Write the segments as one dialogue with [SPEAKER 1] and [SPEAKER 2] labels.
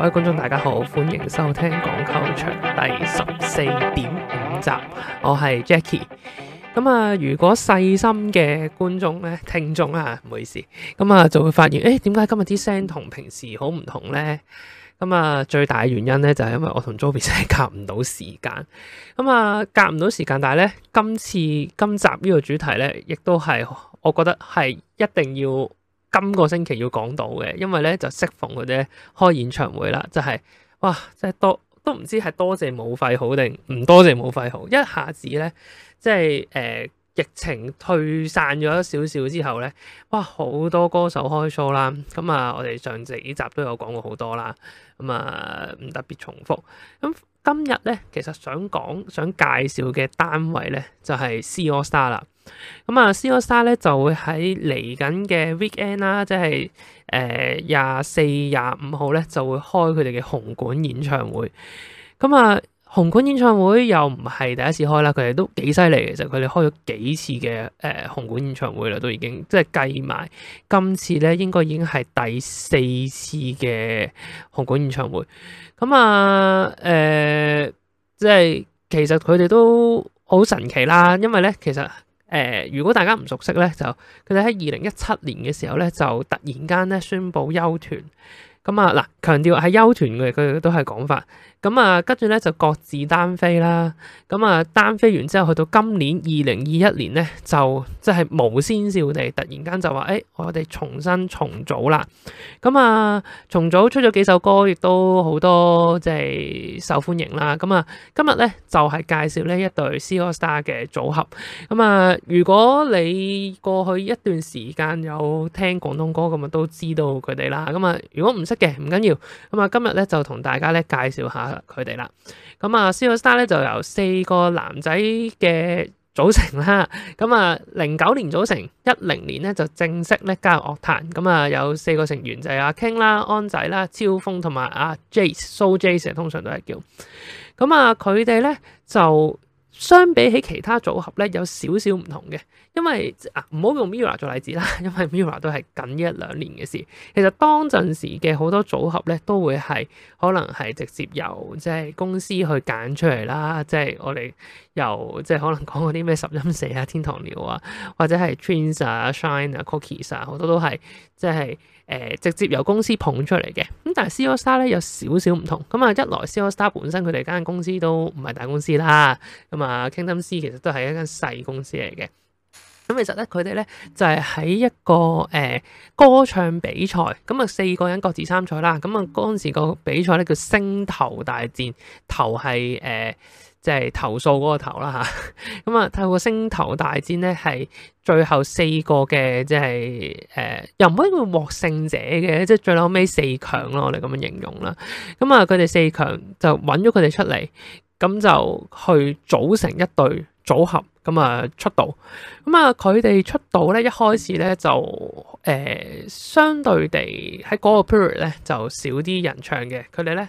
[SPEAKER 1] 各位觀眾，大家好，歡迎收聽《講求場》第十四點五集，我係 Jackie。咁啊，如果細心嘅觀眾咧、聽眾啊，唔好意思，咁啊就會發現，誒，點解今日啲聲同平時好唔同咧？咁啊，最大原因咧就係、是、因為我同 Joey b 真係夾唔到時間。咁啊，夾唔到時間，但係咧，今次今集呢個主題咧，亦都係我覺得係一定要。今個星期要講到嘅，因為咧就適逢佢哋開演唱會啦，就係、是、哇，即係多都唔知係多謝冇肺好定唔多謝冇肺好，一下子咧即係誒、呃、疫情退散咗少少之後咧，哇，好多歌手開 show 啦，咁啊我哋上次呢集都有講過好多啦，咁啊唔特別重複，咁今日咧其實想講，想介紹嘅單位咧就係、是、C AllStar 啦。咁啊，C.O.S.A. 咧就會喺嚟緊嘅 weekend 啦，即係誒廿四廿五號咧就會開佢哋嘅紅館演唱會。咁、嗯、啊，紅館演唱會又唔係第一次開啦，佢哋都幾犀利嘅。其實佢哋開咗幾次嘅誒紅館演唱會啦，都已經即係計埋今次咧，應該已經係第四次嘅紅館演唱會。咁、嗯、啊，誒、嗯呃、即係其實佢哋都好神奇啦，因為咧其實。誒、呃，如果大家唔熟悉咧，就佢哋喺二零一七年嘅時候咧，就突然間咧宣布休團，咁啊嗱，強調係休團嘅，佢哋都係講法。咁啊，跟住咧就各自單飛啦。咁啊，單飛完之後去到今年二零二一年咧，就即係無先兆地突然間就話誒、哎、我哋重新重組啦。咁、嗯、啊，重組出咗幾首歌，亦都好多即係、就是、受歡迎啦。咁、嗯、啊，今日咧就係、是、介紹呢一對 C AllStar 嘅組合。咁、嗯、啊，如果你過去一段時間有聽廣東歌，咁啊都知道佢哋啦。咁、嗯、啊，如果唔識嘅唔緊要，咁啊、嗯、今日咧就同大家咧介紹下。佢哋啦，咁啊 C AllStar 咧就由四個男仔嘅組成啦，咁啊，零九年組成，一、啊、零年咧就正式咧加入樂壇，咁啊，有四個成員就係阿 King 啦、啊、安仔啦、啊、超峰同埋阿 Jace，蘇 Jace 通常都係叫，咁啊，佢哋咧就。相比起其他組合咧，有少少唔同嘅，因為啊，唔好用 Mirror 做例子啦，因為 Mirror 都係近一兩年嘅事。其實當陣時嘅好多組合咧，都會係可能係直接由即係公司去揀出嚟啦，即係我哋由即係可能講嗰啲咩十音社啊、天堂鳥啊，或者係 Twins 啊、Shine 啊、Cookies 啊，好多都係即係。誒、呃、直接由公司捧出嚟嘅，咁但係 C AllStar 咧有少少唔同，咁、嗯、啊一來 C AllStar 本身佢哋間公司都唔係大公司啦，咁、嗯、啊 Kingdom C 其實都係一間細公司嚟嘅，咁、嗯、其實咧佢哋咧就係、是、喺一個誒、呃、歌唱比賽，咁啊四個人各自參賽啦，咁啊嗰陣時個比賽咧叫星頭大戰，頭係誒。呃即係投訴嗰個頭啦吓，咁啊睇個星途大戰咧，係最後四個嘅即係誒，又唔可以叫「獲勝者」嘅，即係最後尾四強咯，我哋咁樣形容啦。咁啊，佢哋四強就揾咗佢哋出嚟，咁就去組成一隊組合，咁啊出道。咁啊，佢哋出道咧，一開始咧就誒、呃、相對地喺嗰個 period 咧就少啲人唱嘅，佢哋咧。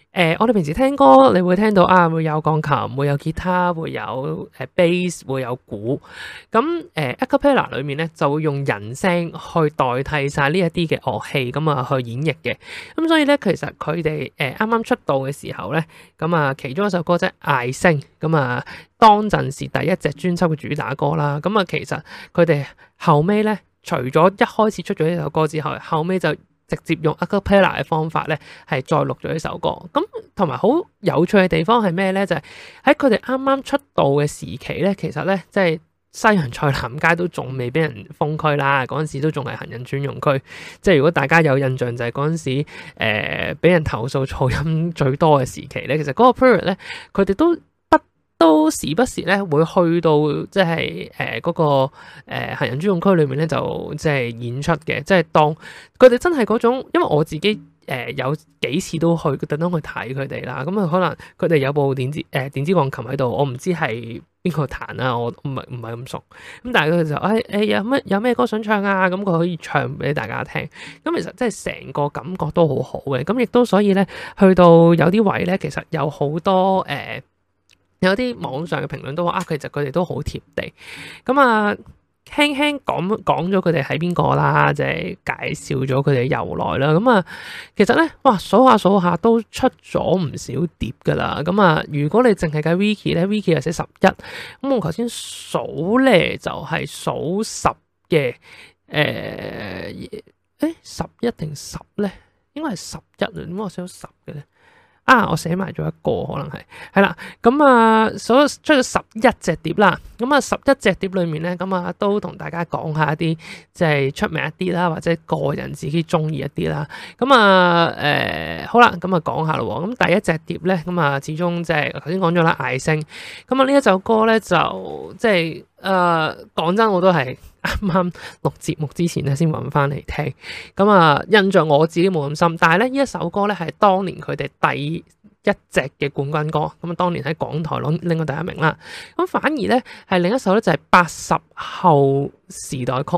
[SPEAKER 1] 誒、呃，我哋平時聽歌，你會聽到啊，會有鋼琴，會有吉他，會有誒 Bass，會有鼓，咁誒、呃、Acapella 裏面咧就會用人聲去代替晒呢一啲嘅樂器咁啊去演繹嘅，咁所以咧其實佢哋誒啱啱出道嘅時候咧，咁啊其中一首歌即係《艾聲》，咁啊當陣時第一隻專輯嘅主打歌啦，咁啊其實佢哋後尾咧除咗一開始出咗呢首歌之後，後尾就。直接用 acapella 嘅方法咧，係再錄咗一首歌。咁同埋好有趣嘅地方係咩咧？就係喺佢哋啱啱出道嘅時期咧，其實咧即係西洋菜南街都仲未俾人封區啦。嗰陣時都仲係行人專用區。即係如果大家有印象就，就係嗰陣時誒俾人投訴噪音最多嘅時期咧，其實嗰個 period 咧，佢哋都。都時不時咧會去到即係誒嗰個、呃、行人專用區裏面咧，就即係演出嘅。即係當佢哋真係嗰種，因為我自己誒、呃、有幾次都去特登去睇佢哋啦。咁啊，可能佢哋有部電子誒、呃、電子鋼琴喺度、啊，我唔知係邊個彈呀。我唔係唔係咁熟。
[SPEAKER 2] 咁但係佢
[SPEAKER 1] 就誒誒、哎、有乜有咩歌想唱啊？咁佢可以唱俾大家聽。咁其實真係成個感覺都好好嘅。咁亦都所以咧，去到有啲位咧，其實有好多誒。呃有啲網上嘅評論都話，其實佢哋都好貼地，咁啊，輕輕講講咗佢哋係邊個啦，即係介紹咗佢哋嘅由來啦。咁啊，其實咧、嗯嗯，哇，數下數下都出咗唔少碟噶啦。咁、嗯、啊，如果你淨係計 Vicky 咧，Vicky 又寫十一，咁我頭先數咧就係數十嘅，誒，誒十一定十咧？應該係十一啦，點解我寫到十嘅咧？啊！我寫埋咗一個，可能係係啦。咁啊，所出咗十一隻碟啦。咁啊，十一隻碟裏面咧，咁啊都同大家講下一啲即係出名一啲啦，或者個人自己中意一啲啦。咁啊，誒、呃、好啦，咁啊講下咯。咁第一隻碟咧，咁啊始終即係頭先講咗啦，艾星。咁啊呢一首歌咧就即係。就係誒，講真，我都係啱啱錄節目之前咧，先搵翻嚟聽咁啊。印象我自己冇咁深，但係咧，呢一首歌咧係當年佢哋第一隻嘅冠軍歌咁啊。當年喺港台攞、拎過第一名啦。咁反而咧係另一首咧就係八十後時代曲，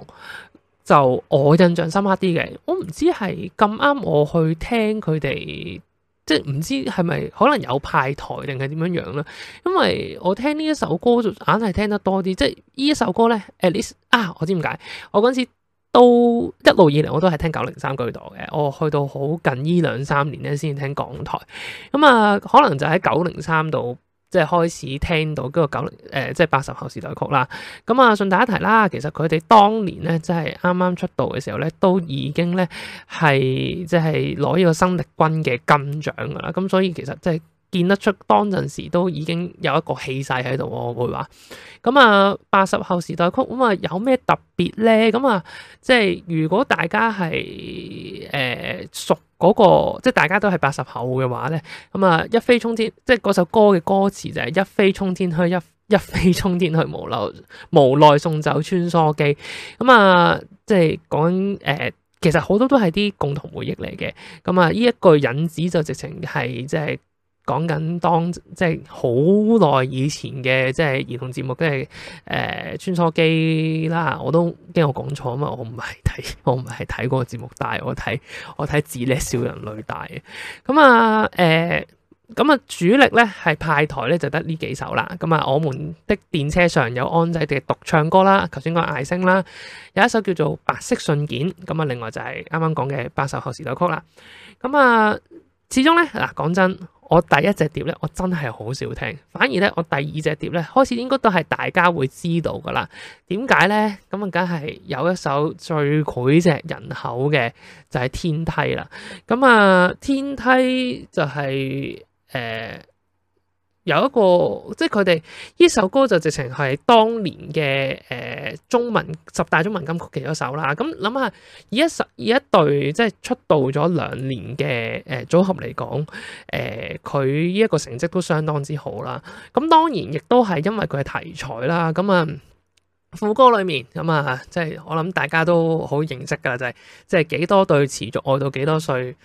[SPEAKER 1] 就我印象深刻啲嘅。我唔知係咁啱我去聽佢哋。即係唔知係咪可能有派台定係點樣樣啦，因為我聽呢一首歌就硬係聽得多啲，即係呢一首歌咧，Alice 啊，我知點解，我嗰陣時都一路以嚟我都係聽九零三居多嘅，我去到好近呢兩三年咧先聽港台，咁、嗯、啊可能就喺九零三度。即係開始聽到嗰個九零，即係八十後時代曲啦。咁啊，順帶一提啦，其實佢哋當年咧，即係啱啱出道嘅時候咧，都已經咧係即係攞呢個生力軍嘅金獎㗎啦。咁所以其實即係。見得出當陣時都已經有一個氣勢喺度喎，我會話咁啊！八十後時代曲咁啊，有咩特別咧？咁啊，即係如果大家係誒、呃、熟嗰個，即係大家都係八十後嘅話咧，咁啊一飛沖天，即係嗰首歌嘅歌詞就係一飛沖天去，一一飛沖天去無留無奈送走穿梭機，咁啊，即係講誒，其實好多都係啲共同回憶嚟嘅，咁啊，呢一句引子就直情係即係。講緊當即係好耐以前嘅即係兒童節目，即係誒穿梭機啦。我都驚我講錯啊嘛，我唔係睇，我唔係睇嗰個節目，但係我睇我睇《自叻小人類大》大、嗯、嘅。咁啊誒，咁、呃、啊、嗯、主力咧係派台咧就得呢幾首啦。咁、嗯、啊，我哋的電車上有安仔嘅獨唱歌啦，頭先講嗌聲啦，有一首叫做《白色信件》。咁啊，另外就係啱啱講嘅《八十後時代曲》啦、嗯。咁、嗯、啊。嗯始終咧嗱，講真，我第一隻碟咧，我真係好少聽，反而咧我第二隻碟咧，開始應該都係大家會知道噶啦。點解咧？咁啊，梗係有一首最膾炙人口嘅就係、嗯《天梯、就係》啦、呃。咁啊，《天梯》就係誒。有一個即係佢哋呢首歌就直情係當年嘅誒中文十大中文金曲其中一首啦。咁諗下以一十以一對即係出道咗兩年嘅誒、呃、組合嚟講，誒佢呢一個成績都相當之好啦。咁、啊、當然亦都係因為佢係題材啦。咁啊副歌裡面咁啊、嗯，即係我諗大家都好認識㗎啦，就係即係幾多對持續愛到幾多歲。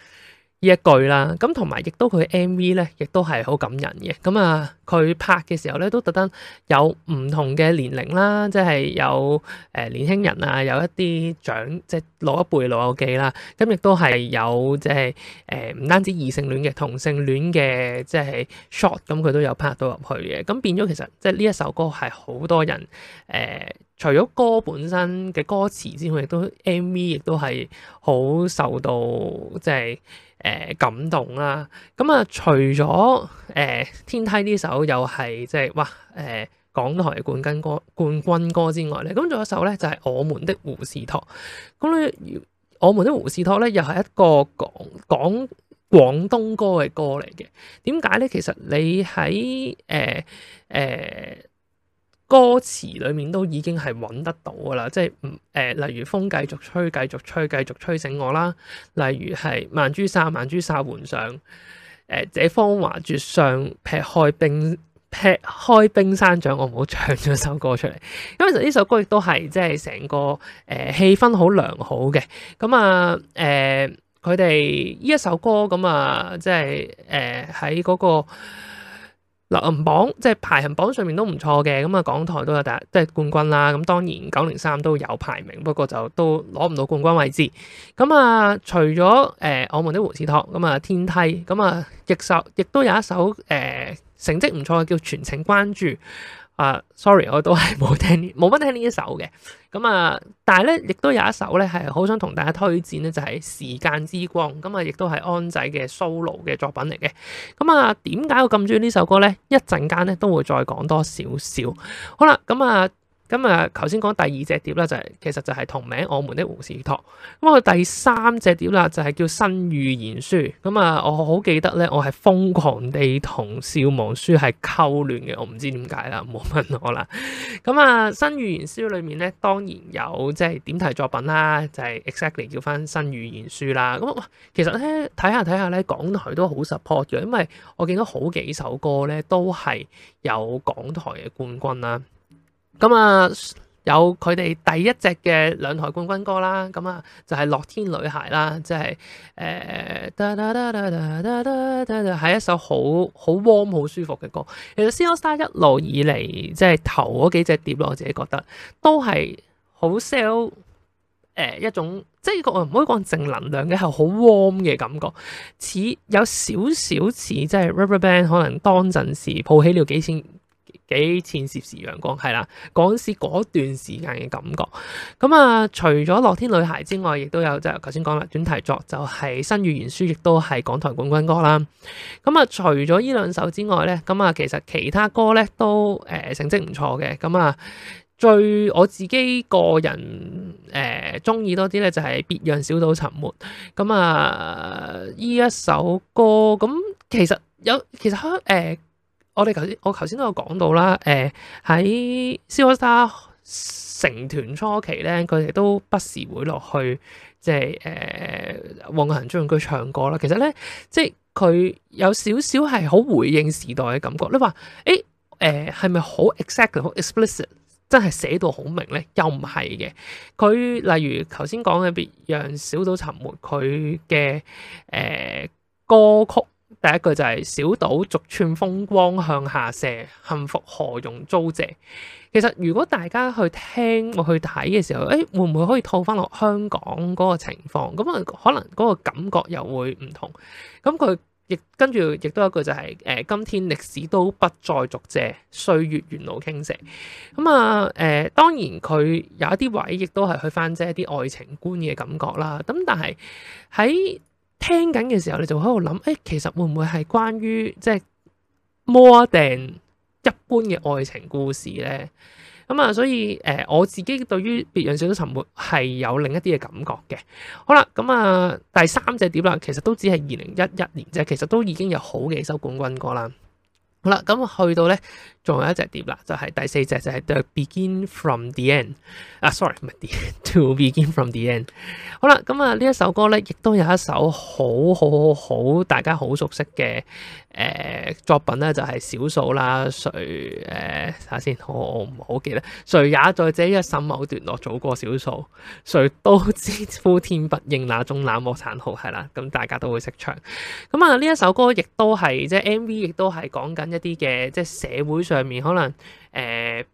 [SPEAKER 1] 呢一句啦，咁同埋亦都佢 MV 咧，亦都係好感人嘅。咁啊，佢拍嘅時候咧，都特登有唔同嘅年齡啦，即係有誒年輕人啊，有一啲長即係老一輩老友記啦。咁亦都係有即係誒唔單止異性戀嘅，同性戀嘅即係 shot，咁佢都有拍到入去嘅。咁變咗其實即係呢一首歌係好多人誒、呃，除咗歌本身嘅歌詞之外，亦都 MV 亦都係好受到即係。就是誒感動啦，咁啊除咗誒、呃、天梯呢首又係即係哇誒、呃、港台冠軍歌冠軍歌之外咧，咁仲有一首咧就係、是、我們的胡士托。咁咧，我們的胡士托咧又係一個廣廣廣東歌嘅歌嚟嘅。點解咧？其實你喺誒誒。呃呃歌詞裡面都已經係揾得到㗎喇，即係唔誒，例如風繼續吹，繼續吹，繼續吹醒我啦。例如係曼珠沙，曼珠沙華換上誒，這芳華絕上劈開冰，劈開冰山掌，我唔好唱咗首歌出嚟。咁其實呢首歌亦都係即係成個誒、呃、氣氛好良好嘅。咁啊誒，佢哋呢一首歌咁啊，即係誒喺嗰個。嗱，榜即係排行榜上面都唔錯嘅，咁啊港台都有第一，即係冠軍啦。咁當然九零三都有排名，不過就都攞唔到冠軍位置。咁、嗯、啊，除咗誒、呃、我們的胡士托，咁、嗯、啊天梯，咁、嗯、啊亦首亦都有一首誒、呃、成績唔錯嘅叫全程關注。啊、uh，sorry，我都係冇聽，聽、嗯、呢，冇乜聽呢一首嘅。咁啊，但係咧，亦都有一首咧係好想同大家推薦咧，就係、是《時間之光》。咁、嗯、啊，亦都係安仔嘅 solo 嘅作品嚟嘅。咁、嗯、啊，點解我咁中意呢首歌咧？一陣間咧都會再講多少少。好啦，咁、嗯、啊。嗯咁啊，頭先講第二隻碟啦，就係其實就係同名《我們的胡士托》。咁啊，第三隻碟啦，就係叫《新預言書》。咁啊，我好記得咧，我係瘋狂地同《笑忘書》係溝亂嘅。我唔知點解啦，唔好問我啦。咁啊，《新預言書》裏面咧，當然有即係點題作品啦，就係、是、exactly 叫翻《新預言書》啦。咁啊，其實咧睇下睇下咧，港台都好 support 嘅，因為我見到好幾首歌咧都係有港台嘅冠軍啦。咁啊，有佢哋第一隻嘅兩台冠軍歌啦，咁啊就係樂天女孩啦，即係誒，係一首好好 warm、好舒服嘅歌。其實 C AllStar 一路以嚟，即係頭嗰幾隻碟咯，我自己覺得都係好 sell，誒一種即係我唔可以講正能量嘅，係好 warm 嘅感覺，似有少少似即係 RubberBand 可能當陣時抱起了幾千。幾千攝氏陽光係啦，港史嗰段時間嘅感覺。咁、嗯、啊，除咗《樂天女孩》之外，亦都有就係頭先講啦，主題作就係、是《新語言書》，亦都係港台冠軍歌啦。咁、嗯、啊，除咗呢兩首之外咧，咁、嗯、啊，其實其他歌咧都誒、呃、成績唔錯嘅。咁、嗯、啊，最我自己個人誒中意多啲咧，就係、是《別讓小島沉沒》。咁、嗯、啊，呢、嗯、一首歌，咁、嗯、其實有其實香、呃我哋頭先我頭先都有講到啦，誒、呃、喺 C AllStar、成團初期咧，佢哋都不時會落去，即係誒旺角行人專用區唱歌啦。其實咧，即係佢有少少係好回應時代嘅感覺。你話誒誒係咪好 exactly 好 explicit，真係寫到好明咧？又唔係嘅。佢例如頭先講嘅別讓小島沉沒，佢嘅誒歌曲。第一句就係、是、小島逐寸風光向下射，幸福何用租借？其實如果大家去聽我去睇嘅時候，誒會唔會可以套翻落香港嗰個情況？咁啊，可能嗰個感覺又會唔同。咁佢亦跟住亦都有一句就係、是、誒、呃，今天歷史都不再續借，歲月沿路傾斜。咁啊誒、呃，當然佢有一啲位亦都係去翻遮一啲愛情觀嘅感覺啦。咁但係喺聽緊嘅時候，你就喺度諗，誒，其實會唔會係關於即係 more than 一般嘅愛情故事呢？咁啊，所以誒、呃，我自己對於別樣小都沉默係有另一啲嘅感覺嘅。好啦，咁啊，第三隻碟啦，其實都只係二零一一年即係，其實都已經有好嘅幾首冠軍歌啦。好啦，咁去到呢。仲有一隻碟啦，就係、是、第四隻就係、是啊《 To Begin From The End》啊，sorry 唔係《To Begin From The End》。好啦，咁啊呢一首歌咧，亦都有一首好好好好大家好熟悉嘅誒、呃、作品咧，就係《小數》啦誰，睇下先，我唔好記得，誰也在這一瞬某段落早過小數，誰都知呼天不應那種冷漠殘酷，係啦，咁大家都會識唱。咁啊呢一首歌亦都係即係 M V，亦都係講緊一啲嘅即係社會上。上面可能誒、呃、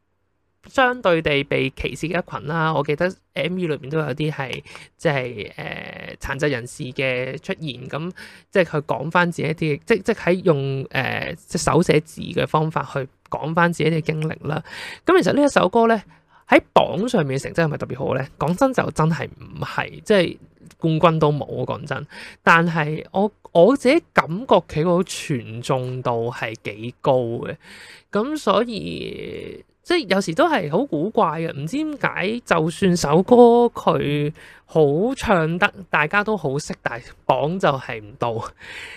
[SPEAKER 1] 相對地被歧視嘅一群啦，我記得 M.E 裏邊都有啲係即係誒殘疾人士嘅出現，咁即係佢講翻自己一啲，即即喺用誒即係、呃、手寫字嘅方法去講翻自己嘅經歷啦。咁其實呢一首歌咧喺榜上面成績係咪特別好咧？講真就真係唔係，即、就、係、是。冠軍都冇啊！講真，但係我我自己感覺佢個傳重度係幾高嘅，咁所以即係有時都係好古怪嘅。唔知點解就算首歌佢好唱得，大家都好識，但係榜就係唔到。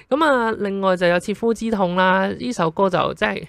[SPEAKER 1] 咁啊，另外就有切膚之痛啦！呢首歌就真係。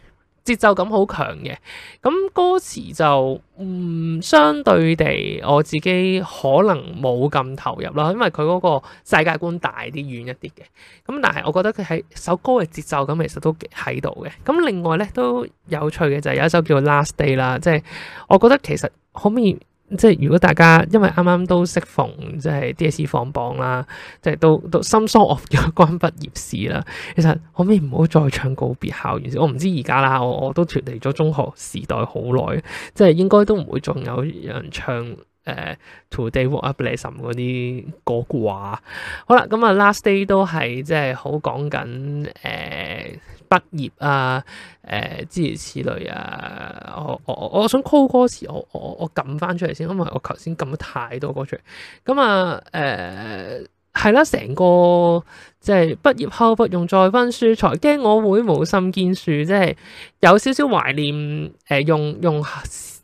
[SPEAKER 1] 節奏感好強嘅，咁歌詞就唔、嗯、相對地，我自己可能冇咁投入啦，因為佢嗰個世界觀大啲、遠一啲嘅。咁但係我覺得佢喺首歌嘅節奏感其實都喺度嘅。咁另外咧都有趣嘅就有一首叫《Last Day》啦，即係我覺得其實可以。即係如果大家因為啱啱都釋逢，即係 DSE 放榜啦，即係都都心酸，我關畢業事啦。其實可唔可以唔好再唱告別校園？我唔知而家啦，我我都脱離咗中學時代好耐，即係應該都唔會仲有人唱誒、呃、Today w h l t Up 咧？什 e 嗰啲歌啩、啊？好啦，咁啊 Last Day 都係即係好講緊誒。呃畢業啊，誒、呃、諸如此類啊，我我我，我想 call 歌詞，我我我撳翻出嚟先，因為我頭先撳咗太多歌出嚟，咁啊誒係啦，成、嗯嗯嗯、個即係、就是、畢業後不用再温書，書，才驚我會冇心見樹，即係有少少懷念誒、嗯，用用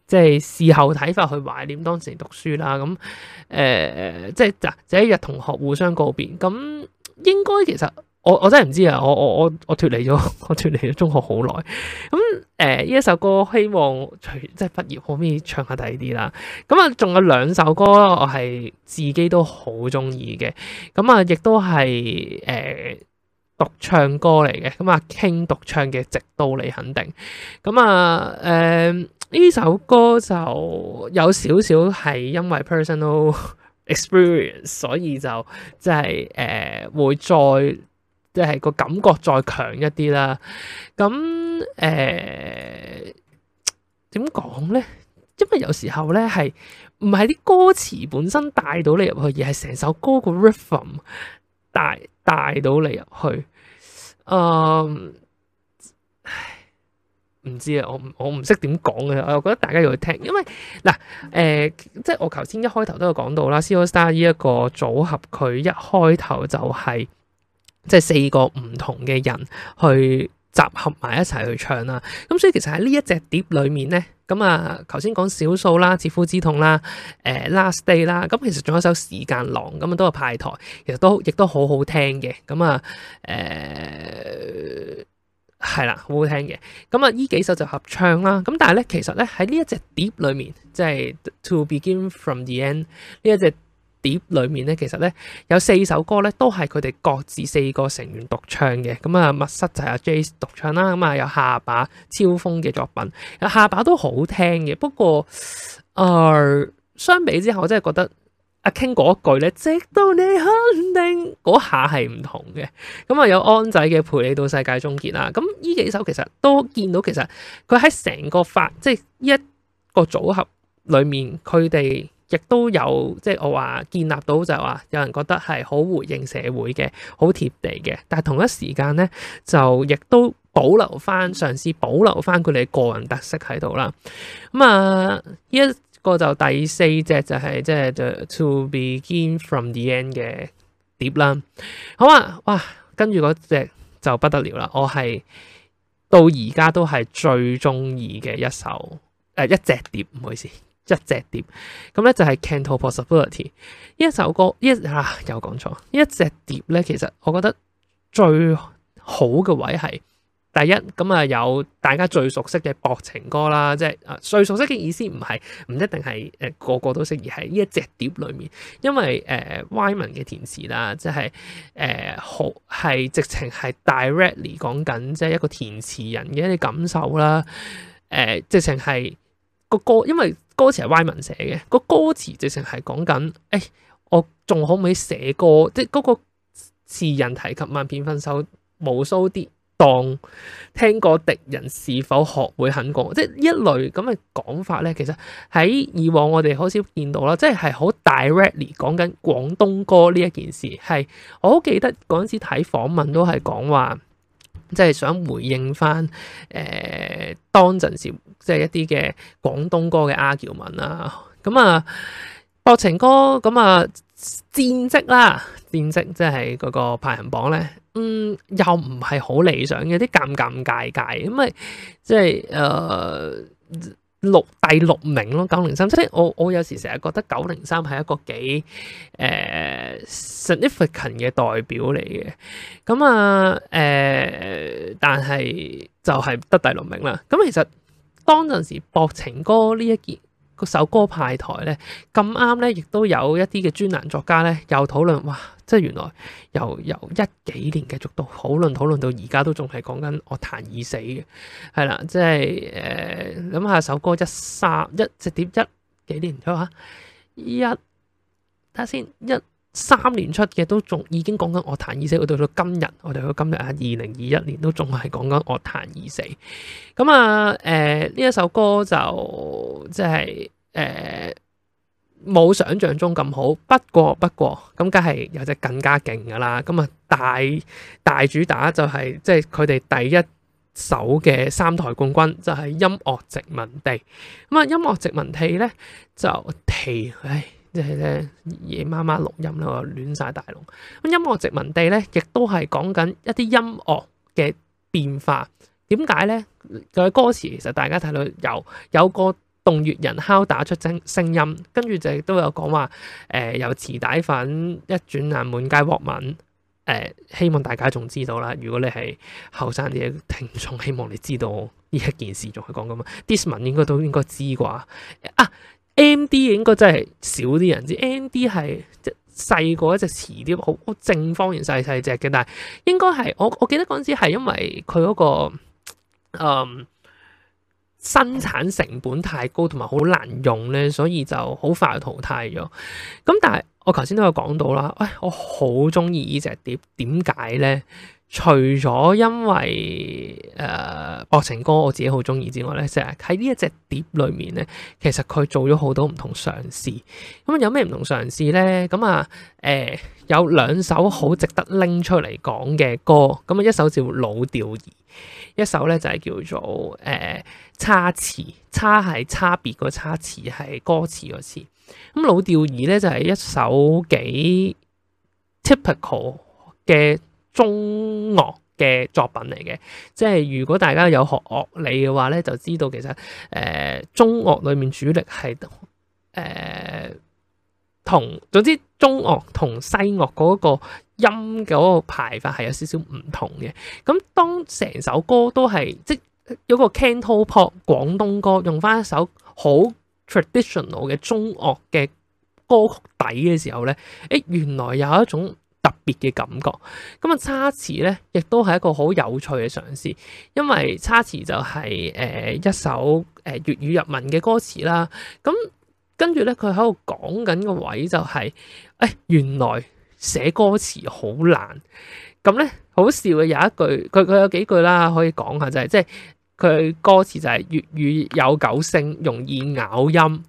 [SPEAKER 1] 即係、就是、事後睇法去懷念當時讀書啦，咁、嗯、誒、嗯嗯嗯、即係嗱，這一日同學互相告別，咁、嗯、應該其實。我我真係唔知啊！我我我我脫離咗，我脫離咗中學好耐。咁誒，呢、呃、一首歌希望即係畢業，可唔可以唱下第二啲啦。咁啊，仲有兩首歌，我係自己都好鍾意嘅。咁啊，亦都係誒獨唱歌嚟嘅。咁啊，傾獨唱嘅，直到你肯定。咁啊，誒、呃、呢首歌就有少少係因為 personal experience，所以就即係誒會再。即係個感覺再強一啲啦，咁誒點講咧？因為有時候咧係唔係啲歌詞本身帶到你入去，而係成首歌個 rhythm 帶帶到你入去。嗯、呃，唔知啊，我我唔識點講嘅，我又覺得大家要去聽，因為嗱，誒、呃，即係我頭先一開頭都有講到啦，C AllStar 呢一個組合，佢一開頭就係、是。即係四個唔同嘅人去集合埋一齊去唱啦，咁所以其實喺呢一隻碟裏面咧，咁啊頭先講少數啦、切膚之痛啦、誒 last day 啦，咁其實仲有一首時間狼，咁啊都係派台，其實都亦都好好聽嘅，咁啊誒係、呃、啦，好好聽嘅，咁啊呢幾首就合唱啦，咁但係咧其實咧喺呢一隻碟裏面，即、就、係、是、to begin from the end 呢一隻。碟裡面咧，其實咧有四首歌咧，都係佢哋各自四個成員獨唱嘅。咁啊，密室就係阿 Jase 獨唱啦。咁啊，有下巴超風嘅作品，有下巴都好聽嘅。不過，啊，相比之後，我真係覺得阿 King 嗰句咧，直到你肯定嗰下係唔同嘅。咁啊，有安仔嘅陪你到世界終結啦。咁呢幾首其實都見到，其實佢喺成個法，即係一個組合裡面，佢哋。亦都有即係我話建立到，就話有人覺得係好回應社會嘅，好貼地嘅。但係同一時間咧，就亦都保留翻，嘗試保留翻佢哋個人特色喺度啦。咁、嗯、啊,呢、這、一個就第四隻就係、是、即係 The To Begin From The End 嘅碟啦。好啊，哇，跟住嗰隻就不得了啦！我係到而家都係最中意嘅一首誒、呃，一隻碟，唔好意思。一隻碟，咁咧就係《Cantopopsibility》呢一首歌，一啊錯一呢啊又講錯，呢一隻碟咧，其實我覺得最好嘅位係第一，咁啊有大家最熟悉嘅薄情歌啦，即係啊最熟悉嘅意思唔係唔一定係誒、呃、個個都識，而係呢一隻碟裡面，因為誒、呃、Wyman 嘅填詞啦，即係誒好係直情係 directly 講緊即係一個填詞人嘅一啲感受啦，誒、呃、直情係個歌，因為歌詞係歪文寫嘅，個歌詞直情係講緊，誒、哎、我仲可唔可以寫歌？即係嗰個詞人提及萬遍分手無數跌當聽過敵人是否學會肯講，即係一類咁嘅講法咧。其實喺以往我哋好少見到啦，即係係好 directly 講緊廣東歌呢一件事。係，我好記得嗰陣時睇訪問都係講話。即係想回應翻，誒、呃、當陣時即係一啲嘅廣東歌嘅阿嬌文、啊啊、啦。咁啊，薄情歌咁啊，戰績啦，戰績，即係嗰個排行榜咧，嗯，又唔係好理想嘅，啲尷尷尬尬，因為即係誒。呃六第六名咯，九零三，即係我我有時成日覺得九零三係一個幾誒、呃、significant 嘅代表嚟嘅，咁啊誒、呃、但係就係得第六名啦。咁其實當陣時博情歌呢一件。個首歌派台咧咁啱咧，亦都有一啲嘅專欄作家咧，又討論哇，即係原來由由一幾年繼續討論討論到討論討論到而家都仲係講緊樂壇已死嘅，係啦，即係誒諗下首歌一三一隻碟一幾年睇下，一睇下先一。三年出嘅都仲已經講緊樂壇二四，到到今日，我哋到今日啊二零二一年都仲係講緊樂壇二四。咁啊，誒呢一首歌就即係誒冇想象中咁好。不過不過，咁梗係有隻更加勁噶啦。咁啊，大大主打就係即係佢哋第一首嘅三台冠軍，就係音樂殖民地。咁啊，音樂殖民地呢，就提唉。即係咧，夜媽媽錄音咧，我亂曬大龍。咁音樂殖民地咧，亦都係講緊一啲音樂嘅變化。點解咧？佢嘅歌詞其實大家睇到有有個洞穴人敲打出聲聲音，跟住就亦都有講話誒，由磁帶粉一轉眼滿街鑊聞。誒、呃，希望大家仲知道啦。如果你係後生啲嘅聽眾，希望你知道呢一件事仲係講緊啊。Thisman 應該都應該知啩啊！M D 應該真係少啲人知，M D 係即細過一隻磁碟，好好正方形細細隻嘅，但係應該係我我記得嗰陣時係因為佢嗰個，嗯，生產成本太高，同埋好難用咧，所以就好快淘汰咗。咁但係我頭先都有講到啦，喂，我好中意呢隻碟，點解咧？除咗因為誒《愛、呃、情歌》我自己好中意之外咧，成日喺呢一隻碟裏面咧，其實佢做咗好多唔同嘗試。咁、嗯、有咩唔同嘗試咧？咁、嗯、啊，誒、呃、有兩首好值得拎出嚟講嘅歌。咁、嗯、啊，一首叫《老調兒》，一首咧就係、是、叫做誒、呃、差詞。差係差別個差詞係歌詞個詞。咁、嗯《老調兒》咧就係、是、一首幾 typical 嘅中樂嘅作品嚟嘅，即係如果大家有學樂理嘅話咧，就知道其實誒、呃、中樂裏面主力係誒、呃、同，總之中樂同西樂嗰個音嘅嗰個排法係有少少唔同嘅。咁當成首歌都係即係有個 Canto Pop 廣東歌，用返一首好 traditional 嘅中樂嘅歌曲底嘅時候咧，誒原來有一種特別嘅感覺，咁啊差池咧，亦都係一個好有趣嘅嘗試，因為差池就係、是、誒、呃、一首誒粵語入文嘅歌詞啦。咁、啊、跟住咧，佢喺度講緊個位就係、是、誒、哎、原來寫歌詞好難。咁咧好笑嘅有一句，佢佢有幾句啦，可以講下就係、是、即係佢歌詞就係粵語有九聲，容易咬音。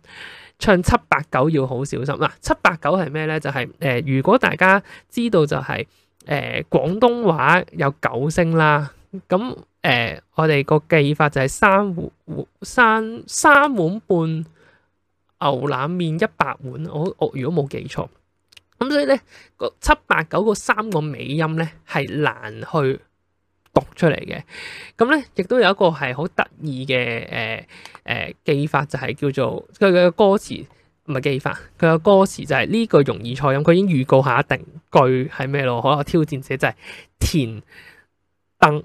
[SPEAKER 1] 唱七八九要好小心嗱，七八九係咩咧？就係、是、誒、呃，如果大家知道就係、是、誒、呃、廣東話有九聲啦，咁、啊、誒、呃、我哋個記法就係三碗三三碗半牛腩麵一百碗，我我如果冇記錯，咁所以咧個七八九個三個尾音咧係難去。讀出嚟嘅，咁咧亦都有一個係好得意嘅誒誒記法，就係叫做佢嘅歌詞，唔係記法，佢嘅歌詞就係呢句容易錯音，佢已經預告一下一定句係咩咯？可能挑戰者就係田凳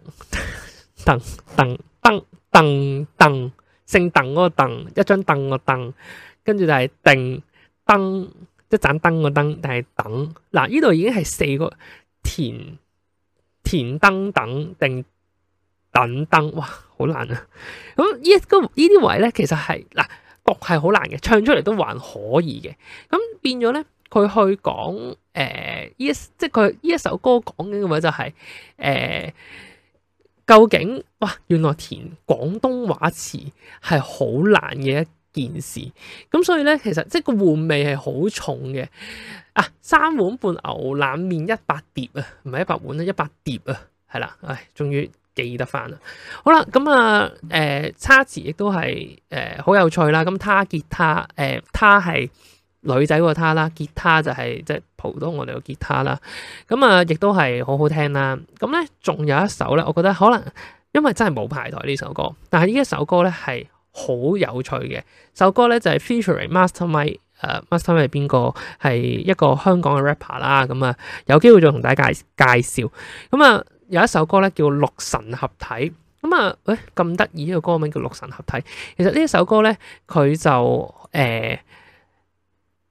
[SPEAKER 1] 凳凳凳凳凳，姓鄧嗰個鄧，一張凳個凳，跟住就係定燈，一盞燈個燈，但係等嗱，呢度已經係四個田。填登等定等登，哇，好難啊！咁呢一首呢啲位咧，其實係嗱讀係好難嘅，唱出嚟都還可以嘅。咁變咗咧，佢去講誒呢一首，即係佢呢一首歌講緊嘅位就係、是、誒、呃，究竟哇原來填廣東話詞係好難嘅。件事咁，所以咧，其實即係個換味係好重嘅啊！三碗半牛腩麵一百碟啊，唔係一百碗啦，一百碟啊，係啦，唉、哎，終於記得翻啦。好啦，咁啊，誒、呃，差詞亦都係誒好有趣啦。咁他吉他誒、呃，他係女仔個他啦，吉他就係、是、即係普通我哋個吉他啦。咁啊，亦都係好好聽啦。咁咧，仲有一首咧，我覺得可能因為真係冇排台呢首歌，但係呢一首歌咧係。好有趣嘅首歌咧、呃，就係 featuring master mi，誒，master m i 係邊個？係一個香港嘅 rapper 啦。咁啊，有機會再同大家介紹。咁啊，有一首歌咧叫《六神合體》。咁啊，喂、欸，咁得意呢個歌名叫《六神合體》。其實呢一首歌咧，佢就誒喺、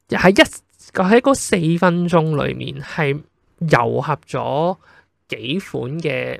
[SPEAKER 1] 呃、一喺嗰四分鐘裏面係糅合咗幾款嘅。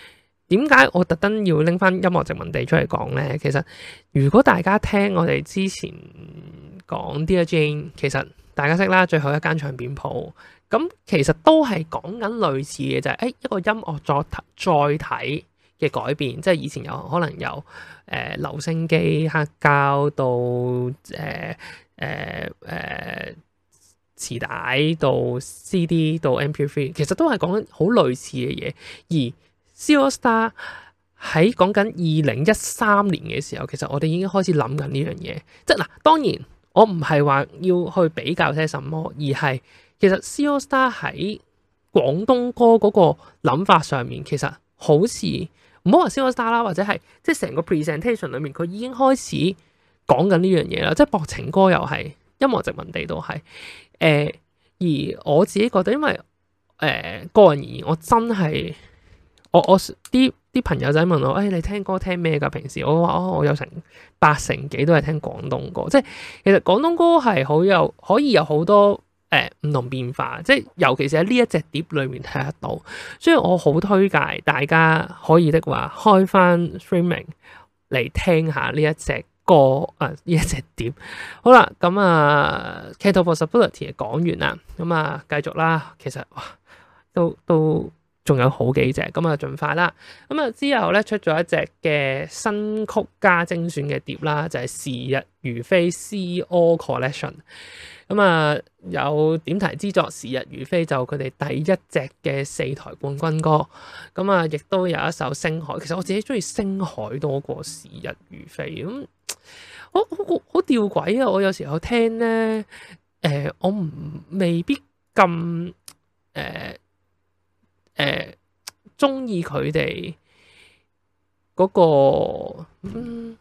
[SPEAKER 1] 點解我特登要拎翻音樂殖民地出嚟講呢？其實如果大家聽我哋之前講 DJ，其實大家識啦，最後一間唱片鋪，咁其實都係講緊類似嘅，就係、是、誒一個音樂作載體嘅改變，即係以前有可能有誒留聲機、黑膠到誒誒誒磁帶到 CD 到 MP3，其實都係講緊好類似嘅嘢，而 C AllStar 喺講緊二零一三年嘅時候，其實我哋已經開始諗緊呢樣嘢。即嗱，當然我唔係話要去比較些什麼，而係其實 C AllStar 喺廣東歌嗰個諗法上面，其實好似唔好話 C AllStar 啦，或者係即係成個 presentation 裡面，佢已經開始講緊呢樣嘢啦。即係《薄情歌》又係音樂殖民地都係，誒、呃、而我自己覺得，因為誒、呃、個人而言，我真係。我我啲啲朋友仔問我，誒、哎、你聽歌聽咩㗎？平時我話我，我有成八成幾都係聽廣東歌，即係其實廣東歌係好有可以有好多誒唔、欸、同變化，即係尤其是喺呢一隻碟裏面睇得到，所以我好推介大家可以的話開翻 Streaming 嚟聽下呢一隻歌啊呢一隻碟。好啦，咁啊《Candle for Stability》講完啦，咁啊繼續啦。其實哇、啊，到到～仲有好幾隻咁啊，就盡快啦！咁啊之後咧出咗一隻嘅新曲加精選嘅碟啦，就係、是《時日如飛》See All Collection。咁啊有點題之作《時日如飛》就佢、是、哋第一隻嘅四台冠軍歌。咁啊亦都有一首《星海》，其實我自己中意《星海》多過《時日如飛》。咁好好好吊詭啊！我有時候聽咧，誒、呃、我唔未必咁誒。呃誒，中意佢哋嗰個，嗯，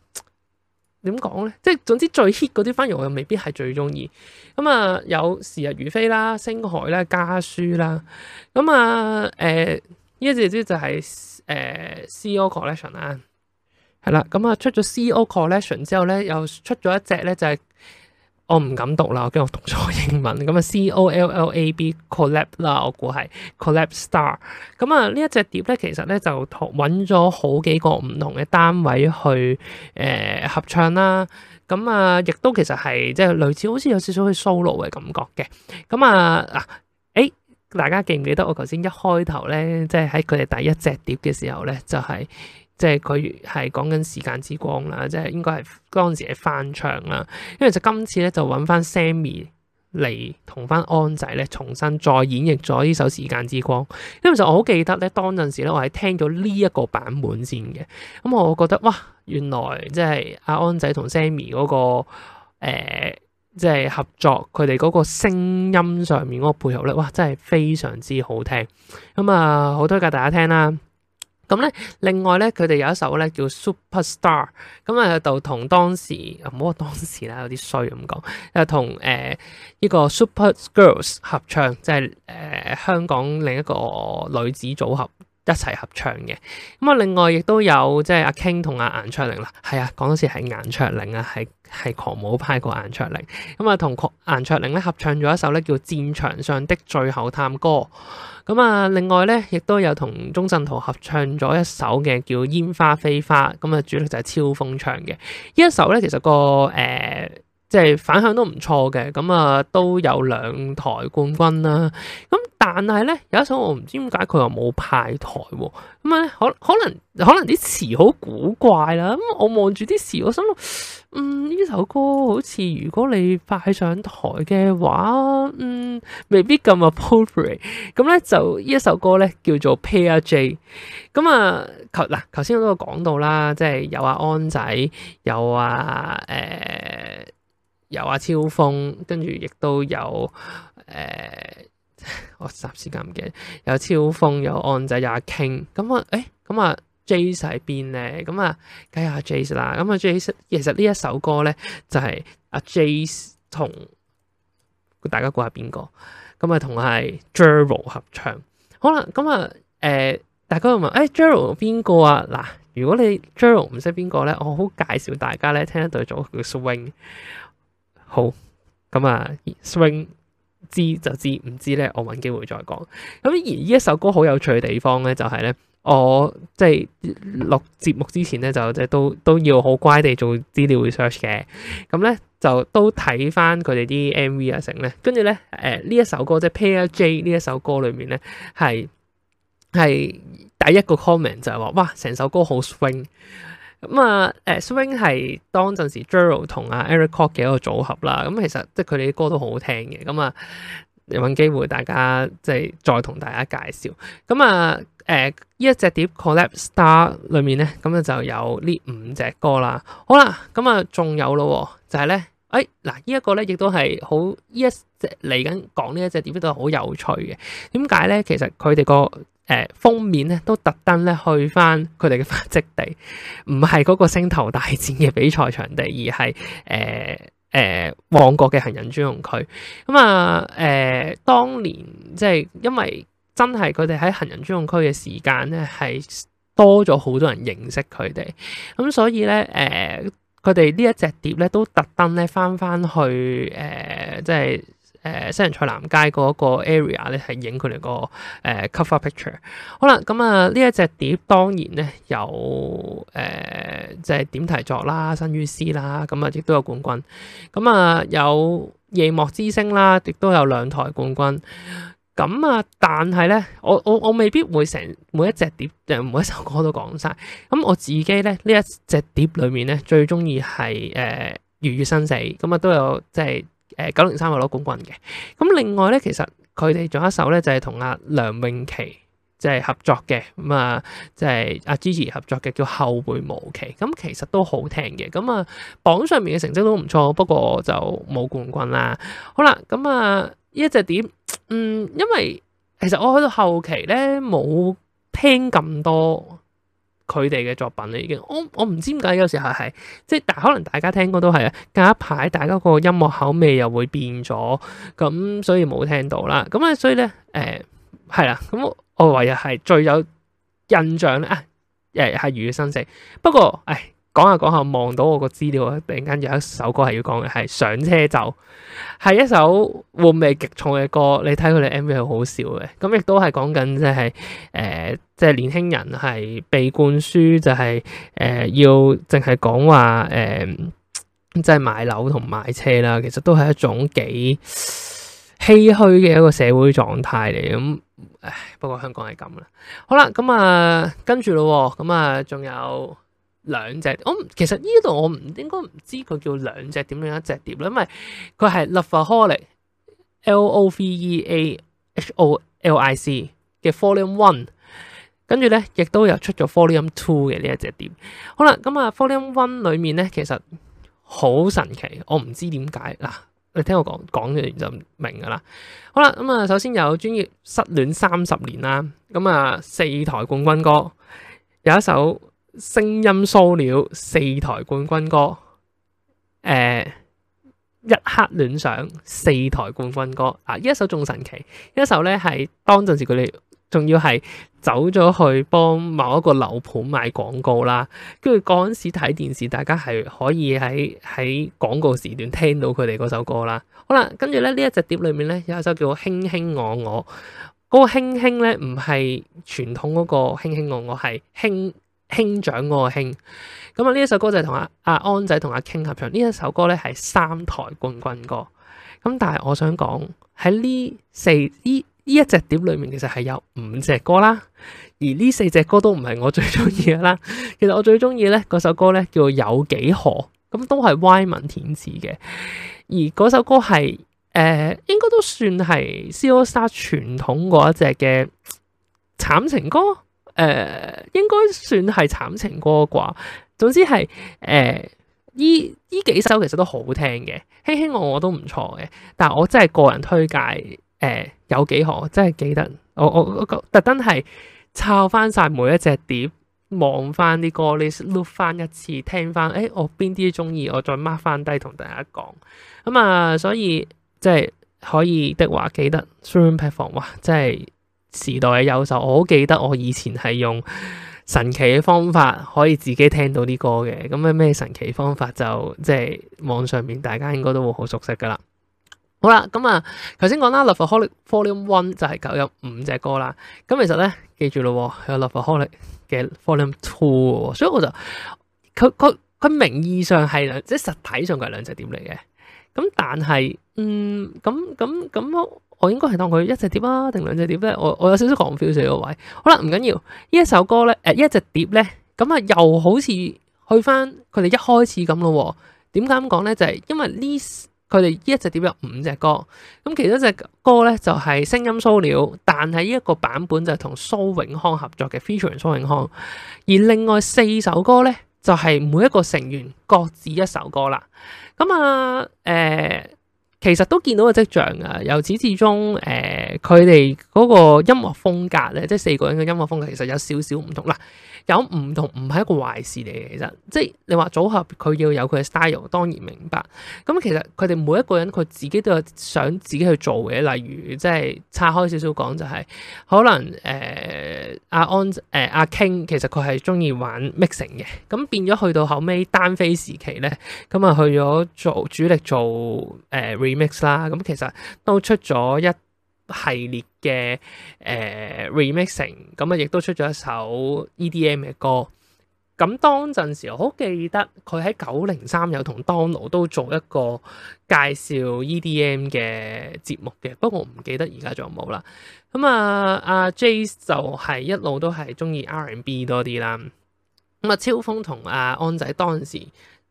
[SPEAKER 1] 點講咧？即係總之最 hit 嗰啲，反而我又未必係最中意。咁、嗯、啊，有時日如飛啦，星海啦，家書啦，咁、嗯、啊，誒、嗯、依、嗯、家就知、是、就係、呃、誒 C.O. collection 啊，係啦。咁、嗯、啊，出咗 C.O. collection 之後咧，又出咗一隻咧，就係、是。我唔敢讀啦，我驚我讀錯英文咁啊，C O L L A B Collab 啦，我估係 Collab star。咁啊，呢一隻碟咧，其實咧就揾咗好幾個唔同嘅單位去誒、呃、合唱啦。咁啊，亦都其實係即係類似，好似有少少去 solo 嘅感覺嘅。咁啊，嗱，誒，大家記唔記得我頭先一開頭咧，即係喺佢哋第一隻碟嘅時候咧，就係、是。即係佢係講緊時間之光啦，即係應該係嗰陣時係翻唱啦。因為就今次咧，就揾翻 Sammy 嚟同翻安仔咧重新再演繹咗呢首時間之光。因為就我好記得咧，當陣時咧，我係聽咗呢一個版本先嘅。咁、嗯、我覺得哇，原來即係阿安仔同 Sammy 嗰個即係、呃就是、合作佢哋嗰個聲音上面嗰個配合咧，哇，真係非常之好聽。咁、嗯、啊，好推介大家聽啦！咁咧，另外咧，佢哋有一首咧叫《Super Star》，咁啊，就同當時唔好話當時啦，有啲衰咁講，又同誒呢個 Super Girls 合唱，即係誒、呃、香港另一個女子組合一齊合唱嘅。咁啊，另外亦都有即係阿 King 同阿顏卓玲啦，係啊，嗰陣時係顏卓玲啊，係係狂舞派個顏卓玲，咁啊，同顏卓玲咧合唱咗一首咧叫《戰場上的最後探歌》。咁啊，另外咧，亦都有同鍾鎮濤合唱咗一首嘅叫《煙花飛花》，咁啊，主力就係超風唱嘅呢一首咧，其實個。誒、呃。即係反響都唔錯嘅，咁啊都有兩台冠軍啦、啊。咁但係咧，有一首我唔知點解佢又冇派台喎、啊。咁啊可可能，可能啲詞好古怪啦。咁我望住啲詞，我心諗嗯，呢首歌好似，如果你派上台嘅話，嗯未必咁 appropriate。咁咧就呢一首歌咧叫做 P. J. 咁啊，嗱頭先我都講到啦，即係有阿、啊、安仔，有啊誒。呃有阿、啊、超峰，跟住亦都有誒、呃，我霎時間唔記得。有超峰，有安仔，有阿傾咁啊。誒咁、嗯、啊，Jase 喺邊咧？咁、嗯、啊，梗係 Jase 啦。咁啊 Jase 其實呢一首歌咧，就係、是、阿、啊、Jase 同大家估下邊個咁啊，同係 Jero 合唱。好啦咁啊，誒大家就問誒、欸、Jero 邊個啊？嗱，如果你 Jero 唔識邊個咧，我好介紹大家咧聽得到組叫 Swing。好，咁啊，swing 知就知，唔知咧，我揾機會再講。咁而呢一首歌好有趣嘅地方咧，就係咧，我即係錄節目之前咧，就即都都要好乖地做資料 research 嘅。咁咧就都睇翻佢哋啲 MV 啊，成咧。跟住咧，誒呢一首歌即係 Pearl J 呢一首歌裏面咧，係係第一個 comment 就係話，哇，成首歌好 swing。咁啊，誒，Swing 係當陣時 Jerald 同啊 Eric Carr 嘅一個組合啦。咁其實即係佢哋啲歌都好好聽嘅。咁啊，有揾機會大家即係再同大家介紹。咁啊，誒、啊，依一隻碟 Collapse Star 裏面咧，咁、嗯、啊就有呢五隻歌啦。好啦，咁、嗯、啊仲有咯，就係、是、咧，誒、哎、嗱，依一、這個咧亦都係好依一隻嚟緊講呢一隻、這個、碟都係好有趣嘅。點解咧？其實佢哋個誒、呃、封面咧都特登咧去翻佢哋嘅發跡地，唔係嗰個星球大戰嘅比賽場地，而係誒誒旺角嘅行人專用區。咁啊誒，當年即係因為真係佢哋喺行人專用區嘅時間咧，係多咗好多人認識佢哋。咁、嗯、所以咧誒，佢、呃、哋呢一隻碟咧都特登咧翻翻去誒、呃，即係。誒西洋菜南街嗰個 area 咧，係影佢哋個誒 cover picture。好啦，咁啊呢一隻碟當然咧有誒，即、呃、係、就是、點題作啦，《生於斯》啦，咁啊亦都有冠軍。咁、嗯、啊有《夜幕之星》啦，亦都有兩台冠軍。咁、嗯、啊，但係咧，我我我未必會成每一隻碟誒每一首歌都講晒。咁、嗯、我自己咧呢一隻碟裏面咧最中意係誒《月月生死》嗯。咁啊都有即係。就是誒，九零三又攞冠軍嘅，咁另外咧，其實佢哋仲有一首咧就係同阿梁詠琪即係合作嘅，咁啊，即係阿 Gigi 合作嘅叫後會無期，咁其實都好聽嘅，咁啊，榜上面嘅成績都唔錯，不過就冇冠軍啦。好啦，咁啊，呢一隻點，嗯，因為其實我去到後期咧冇聽咁多。佢哋嘅作品咧，已經我我唔知點解有時候係即係，但係可能大家聽歌都係啊，隔一排大家個音樂口味又會變咗，咁所以冇聽到啦。咁啊，所以咧，誒係啦，咁我唯係最有印象咧啊，誒係雨生石。不過，誒。講下講下，望到我個資料咧，突然間有一首歌係要講嘅，係上車就係一首韻味極重嘅歌。你睇佢哋 MV 係好笑嘅，咁亦都係講緊即係誒，即、呃、係、就是、年輕人係被灌輸，就係、是、誒、呃、要淨係講話誒，即、呃、係、就是、買樓同買車啦。其實都係一種幾唏噓嘅一個社會狀態嚟。咁、嗯、唉，不過香港係咁啦。好啦，咁啊跟住咯，咁啊仲有。兩隻，我其實呢度我唔應該唔知佢叫兩隻點樣一隻碟啦，因為佢係 Loveaholic, o v e A、h o l i L O V E A H O L I C 嘅 Volume One，跟住咧亦都有出咗 Volume Two 嘅呢一隻碟。好啦，咁啊 Volume One 裏面咧其實好神奇，我唔知點解嗱，你聽我講講完就明噶啦。好啦，咁啊首先有專業失戀三十年啦，咁啊四台冠軍歌有一首。聲音騷擾四台冠軍歌，誒、呃，一刻亂想四台冠軍歌。啊，呢一首仲神奇，呢一首咧係當陣時佢哋仲要係走咗去幫某一個樓盤賣廣告啦。跟住嗰陣時睇電視，大家係可以喺喺廣告時段聽到佢哋嗰首歌啦。好啦，跟住咧呢一隻碟裏面咧有一首叫做《輕輕我我》，嗰、那個輕輕咧唔係傳統嗰個卿卿我我，係輕。兄長個兄，咁啊呢一首歌就係同阿阿安仔同阿傾合唱。呢一首歌咧，係三台冠軍歌。咁但係我想講喺呢四呢呢一隻碟裏面，其實係有五隻歌啦，而呢四隻歌都唔係我最中意嘅啦。其實我最中意咧首歌咧叫做《有幾何》，咁都係歪文填詞嘅，而嗰首歌係誒、呃、應該都算係蕭殺傳統嗰一隻嘅慘情歌。誒、呃、應該算係慘情歌啩，總之係誒依依幾首其實都好聽嘅，輕輕我我都唔錯嘅，但我真係個人推介誒、呃、有幾何，真係記得我我我，我，我特登係抄翻晒每一隻碟，望翻啲歌 list loop 翻一次聽翻，誒我邊啲中意，我再 mark 翻低同大家講，咁、嗯、啊、呃、所以即係可以的話記得 stream pet 哇真係～時代嘅優秀，我好記得我以前係用神奇嘅方法可以自己聽到啲歌嘅，咁咩咩神奇方法就即係網上面大家應該都會好熟悉噶啦。好啦，咁啊頭先講啦，Lovaholic Volume One 就係有五隻歌啦，咁其實咧記住咯，有 Lovaholic 嘅 Volume Two，所以我就佢佢佢名義上係即實體上佢係兩隻碟嚟嘅。咁但係，嗯，咁咁咁，我應該係當佢一隻碟啊，定兩隻碟咧？我我有少少 confusion 嘅位。好啦，唔緊要，呢一首歌咧，誒、啊、一隻碟咧，咁啊又好似去翻佢哋一開始咁咯、啊。點解咁講咧？就係、是、因為呢，佢哋一隻碟有五隻歌，咁其中一隻歌咧就係、是《聲音酥了》，但係呢一個版本就係同蘇永康合作嘅 feature 蘇永康， 而另外四首歌咧。就係每一個成員各自一首歌啦，咁啊，誒，其實都見到個迹象啊，由始至終，誒、嗯，佢哋嗰個音樂風格咧，即係四個人嘅音樂風格，其實有少少唔同啦。有唔同唔係一個壞事嚟嘅，其實即係你話組合佢要有佢嘅 style，當然明白。咁其實佢哋每一個人佢自己都有想自己去做嘅，例如即係岔開少少講就係、是、可能誒阿、呃啊、安誒阿 King 其實佢係中意玩 mixing 嘅，咁變咗去到後尾單飛時期咧，咁啊去咗做主力做誒、呃、remix 啦，咁其實都出咗一。系列嘅誒、呃、remixing，咁啊亦都出咗一首 EDM 嘅歌。咁當陣時，我好記得佢喺九零三有同 Donald 都做一個介紹 EDM 嘅節目嘅，不過我唔記得而家仲有冇、啊啊、啦。咁啊，阿 Jay 就係一路都係中意 R&B 多啲啦。咁啊，超峰同阿安仔當時，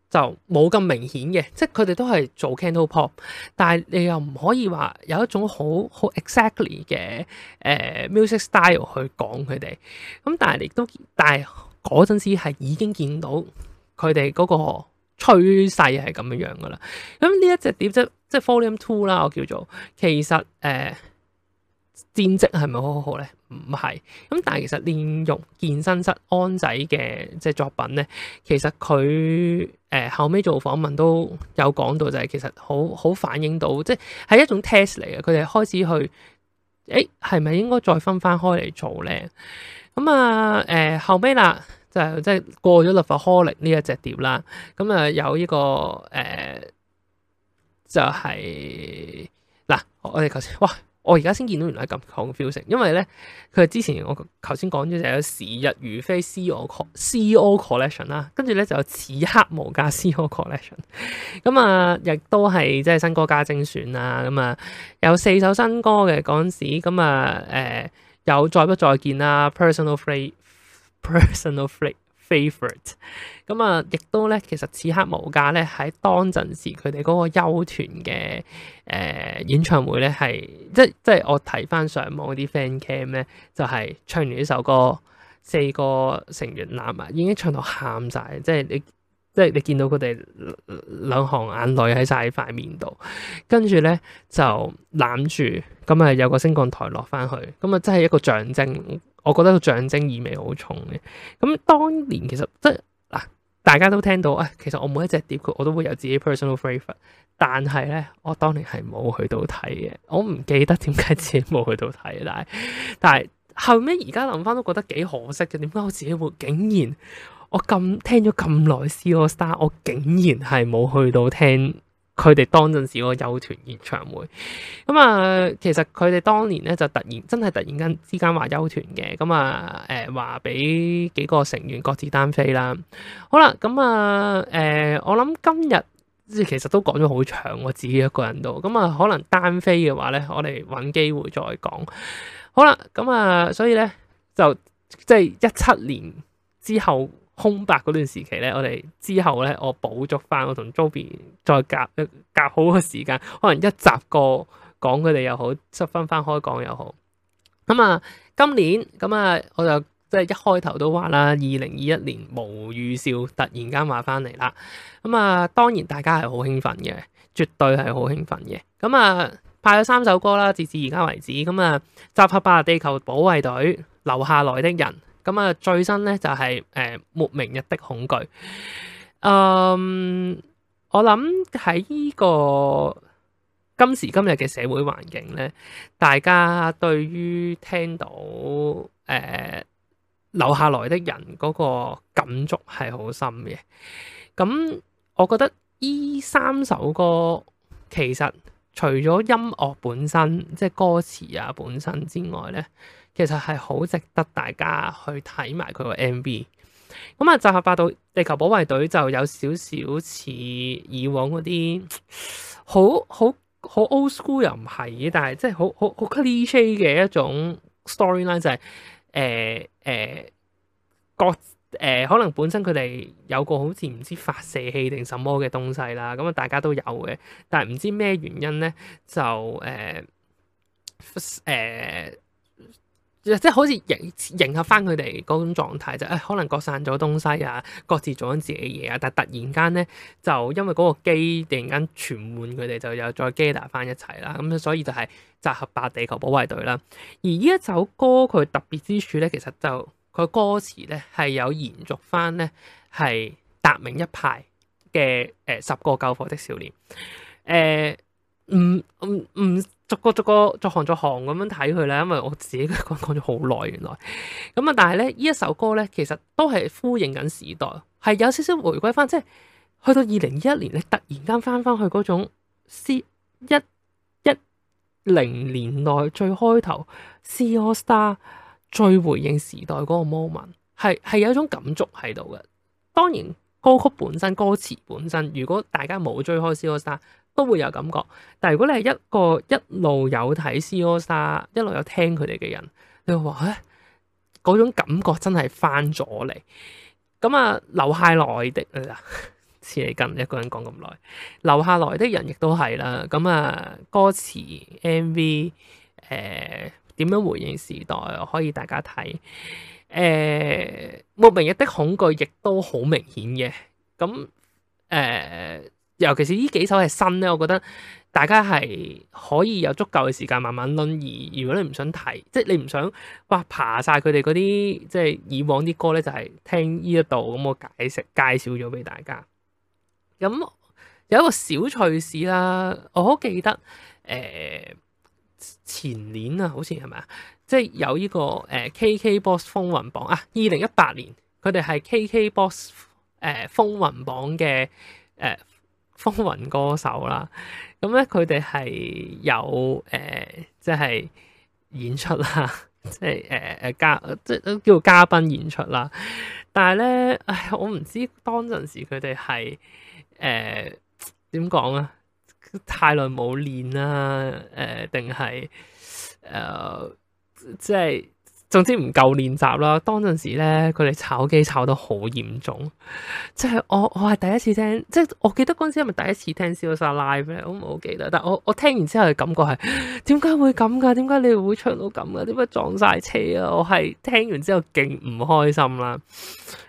[SPEAKER 1] 就冇咁明顯嘅，即係佢哋都係做 canto pop，但係你又唔可以話有一種好好 exactly 嘅誒、呃、music style 去講佢哋，咁但係你都，但係嗰陣時係已經見到佢哋嗰個趨勢係咁樣樣噶啦，咁呢一隻碟即係即係 volume two 啦，我叫做其實誒。呃戰績係咪好好好咧？唔係咁，但係其實練肉健身室安仔嘅即係作品咧，其實佢誒、呃、後尾做訪問都有講到，就係其實好好反映到，即係係一種 test 嚟嘅。佢哋開始去誒係咪應該再分翻開嚟做咧？咁啊誒後尾啦，就即、是、係過咗立法科力呢一隻碟啦。咁、嗯、啊有呢個誒、呃、就係、是、嗱，我哋頭先哇～我而家先見到原來係咁強嘅 feeling，因為咧佢之前我頭先講咗就是有時日如飛 C O C O CO collection 啦，跟住咧就有此刻無價 C O collection，咁啊亦都係即係新歌加精選啊，咁、嗯、啊有四首新歌嘅嗰陣時，咁啊誒有再不再見啦，「Personal free Personal free。favorite，咁、嗯、啊，亦都咧，其實此刻無價咧，喺當陣時佢哋嗰個休團嘅誒、呃、演唱會咧，係即即係我睇翻上網啲 fan cam 咧，就係、是、唱完呢首歌，四個成員攬啊已經唱到喊晒。即係你即係你見到佢哋兩行眼淚喺晒塊面度，跟住咧就攬住，咁啊有個升降台落翻去，咁啊真係一個象徵。我覺得個象徵意味好重嘅，咁當年其實即係嗱，大家都聽到啊、哎，其實我每一隻碟佢我都會有自己 personal favourite，但係咧我當年係冇去到睇嘅，我唔記得點解自己冇去到睇啦，但係，但係後尾而家諗返都覺得幾可惜嘅，點解我自己會竟然我咁聽咗咁耐《C AllStar》，我竟然係冇去到聽。佢哋當陣時個休團演唱會，咁啊，其實佢哋當年咧就突然真係突然間之間話休團嘅，咁啊，誒話俾幾個成員各自單飛啦。好啦，咁啊，誒、呃、我諗今日即係其實都講咗好長我自己一個人度，咁啊，可能單飛嘅話咧，我哋揾機會再講。好啦，咁啊，所以咧就即係一七年之後。空白嗰段時期咧，我哋之後咧，我補足翻，我同 Zobby 再夾夾好個時間，可能一集過講佢哋又好，執翻翻開講又好。咁啊，今年咁啊，我就即係一開頭都話啦，二零二一年無預兆突然間話翻嚟啦。咁啊，當然大家係好興奮嘅，絕對係好興奮嘅。咁啊，派咗三首歌啦，直至而家為止。咁啊，集合吧地球保衞隊，留下來的人。咁啊，最新咧就係，是、誒、呃、沒明日的恐懼。嗯，我諗喺依個今時今日嘅社會環境咧，大家對於聽到誒留、呃、下來的人嗰個感觸係好深嘅。咁、嗯、我覺得依三首歌其實除咗音樂本身，即係歌詞啊本身之外咧。其實係好值得大家去睇埋佢個 MV，咁啊集合百度地球保衞隊就有少少似以往嗰啲好好好 old school 又唔係但係即係好好好 cliche 嘅一種 storyline 就係誒誒各誒、呃、可能本身佢哋有個好似唔知發射器定什麼嘅東西啦，咁啊大家都有嘅，但係唔知咩原因咧就誒誒。呃呃即係好似迎迎合翻佢哋嗰種狀態就，誒，可能各散咗東西啊，各自做緊自己嘢啊，但係突然間咧就因為嗰個機突然間傳喚佢哋，就又再 gather 翻一齊啦。咁所以就係集合白地球保衞隊啦。而呢一首歌佢特別之處咧，其實就佢個歌詞咧係有延續翻咧係達明一派嘅誒、呃、十個救火的少年誒唔唔唔。呃嗯嗯嗯嗯逐個逐個逐行逐行咁樣睇佢啦，因為我自己講講咗好耐，原來咁啊，但係咧，呢一首歌咧，其實都係呼應緊時代，係有少少回歸翻，即係去到二零二一年咧，突然間翻翻去嗰種 C 一一零年代最開頭《C All Star》最回應時代嗰個 moment，係係有一種感觸喺度嘅。當然歌曲本身歌詞本身，如果大家冇追開《C All Star》。都會有感覺，但係如果你係一個一路有睇 COSA，一路有聽佢哋嘅人，你會話，嗰、啊、種感覺真係翻咗嚟。咁啊，留下來的似、哎、你咁一個人講咁耐，留下來的人亦都係啦。咁啊，歌詞、MV，誒、呃，點樣回應時代，可以大家睇。誒、呃，莫名日的恐懼亦都好明顯嘅。咁，誒、呃。尤其是呢幾首係新咧，我覺得大家係可以有足夠嘅時間慢慢諗。而如果你唔想提，即係你唔想哇爬晒佢哋嗰啲，即係以往啲歌咧，就係聽呢一度咁。我解釋介紹咗俾大家。咁有一個小趣事啦，我好記得誒、呃、前年啊，這個呃、K K 啊，好似係咪啊？即係有呢個誒 K K Box、呃、風雲榜啊，二零一八年佢哋係 K K Box 誒風雲榜嘅誒。風雲歌手啦，咁咧佢哋係有誒、呃，即係演出啦，即係誒誒嘉，即係都叫嘉賓演出啦。但係咧，唉，我唔知當陣時佢哋係誒點講啊，太耐冇練啦，誒定係誒即係。總之唔夠練習啦，當陣時咧佢哋炒機炒到好嚴重，即係我我係第一次聽，即係我記得嗰陣時係咪第一次聽消失 live 咧，我唔好記得。但我我聽完之後嘅感覺係，點解會咁噶？點解你會唱到咁噶？點解撞晒車啊？我係聽完之後勁唔開心啦。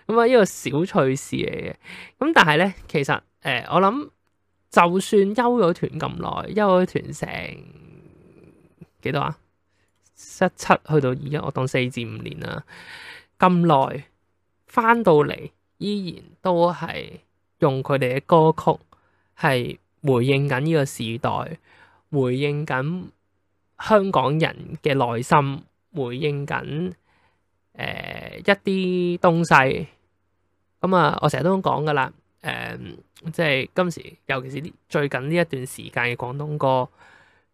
[SPEAKER 1] 咁啊，呢個小趣事嚟嘅。咁但係咧，其實誒、呃，我諗就算休咗團咁耐，休咗團成幾多啊？一七去到二一，我當四至五年啦，咁耐翻到嚟，依然都係用佢哋嘅歌曲，係回應緊呢個時代，回應緊香港人嘅內心，回應緊誒一啲東西。咁啊，我成日都講噶啦，誒、呃，即係今時，尤其是最近呢一段時間嘅廣東歌。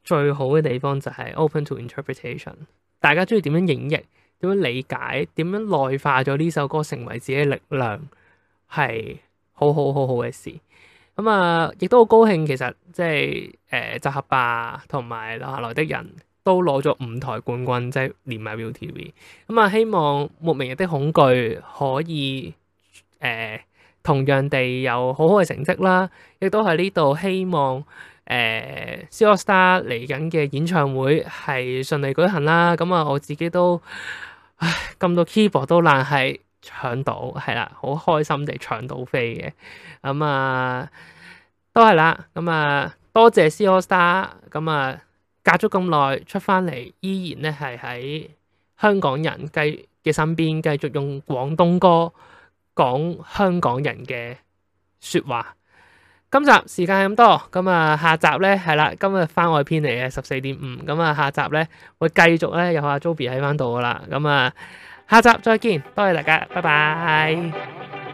[SPEAKER 1] 最好嘅地方就係 Open to interpretation，大家中意點樣演繹、點樣理解、點樣內化咗呢首歌成為自己嘅力量，係好好好好嘅事。咁啊，亦都好高興，其實即係誒、呃、集合吧同埋留下來的人都攞咗五台冠軍，即係連埋 ViuTV。咁啊，希望莫名嘅的恐懼可以誒、呃、同樣地有好好嘅成績啦，亦都喺呢度希望。誒，C AllStar 嚟緊嘅演唱會係順利舉行啦，咁啊，我自己都唉，撳到 keyboard 都爛係搶到，係啦，好開心地搶到飛嘅，咁、嗯、啊，都係啦，咁、嗯、啊，多謝 C AllStar，咁、嗯、啊，隔咗咁耐出翻嚟，依然咧係喺香港人繼嘅身邊，繼續用廣東歌講香港人嘅説話。今集時間係咁多，咁啊下集咧係啦，今日番外篇嚟嘅十四點五，咁啊下集咧會繼續咧有阿 Zobby 喺翻度噶啦，咁啊下集再見，多謝大家，拜拜。